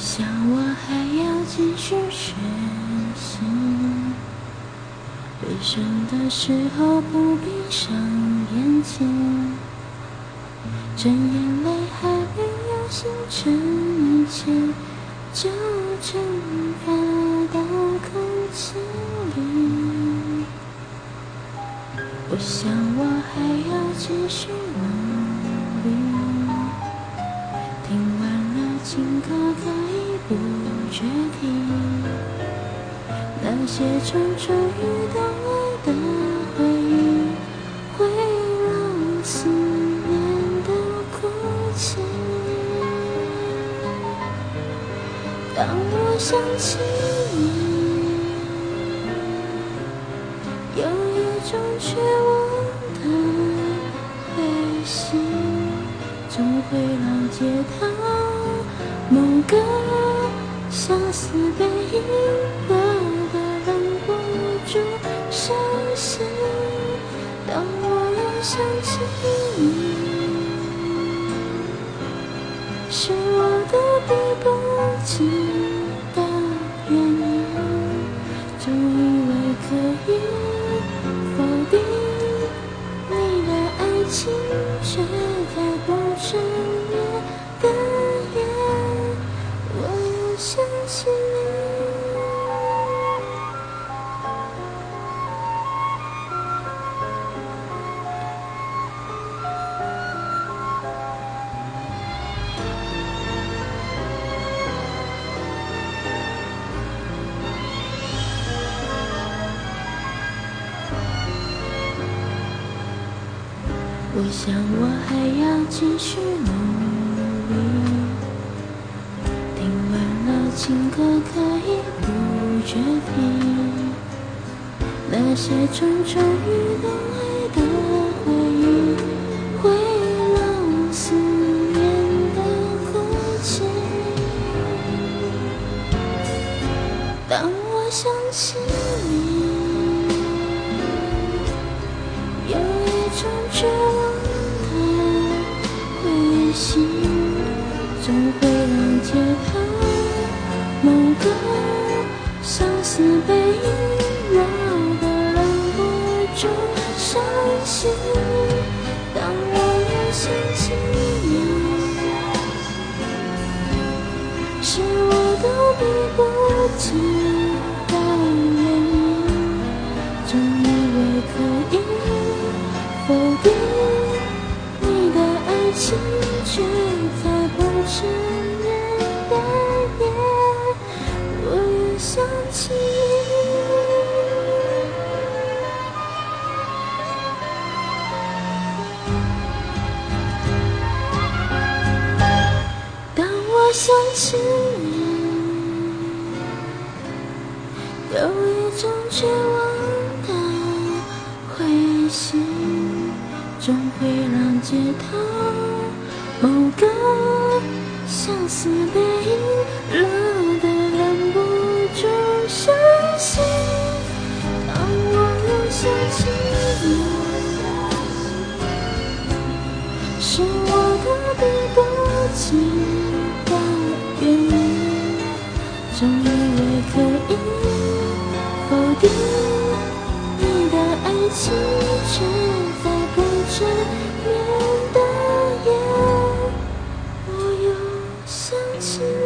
我想我還要繼續學習，悲傷的時候不閉上眼睛，趁眼淚還沒有形成以前，就蒸發到空氣裡。我想我還要繼續。決定，那些蠢蠢遇到愛的回憶，會讓思念的哭泣。當我想起你，有一種絕望的悲喜，總會了街道某個。相思被遺落的，忍不住傷心。當我又想起你，是我的。想起你，我想我還要繼續努力。情歌可以不決堤，那些蠢蠢欲動愛的回憶，會讓我思念的哭泣。當我想起你，有一種絕望的溫心總會讓天鐘聲響起，當我又想起你，是我都比不起的原因，總以為可以否定。情人有一種絕望的灰心，總會讓街頭某個相思背影，惹得，忍不住傷心。當我又想起。清晨，在不睜眼的夜，我又想起。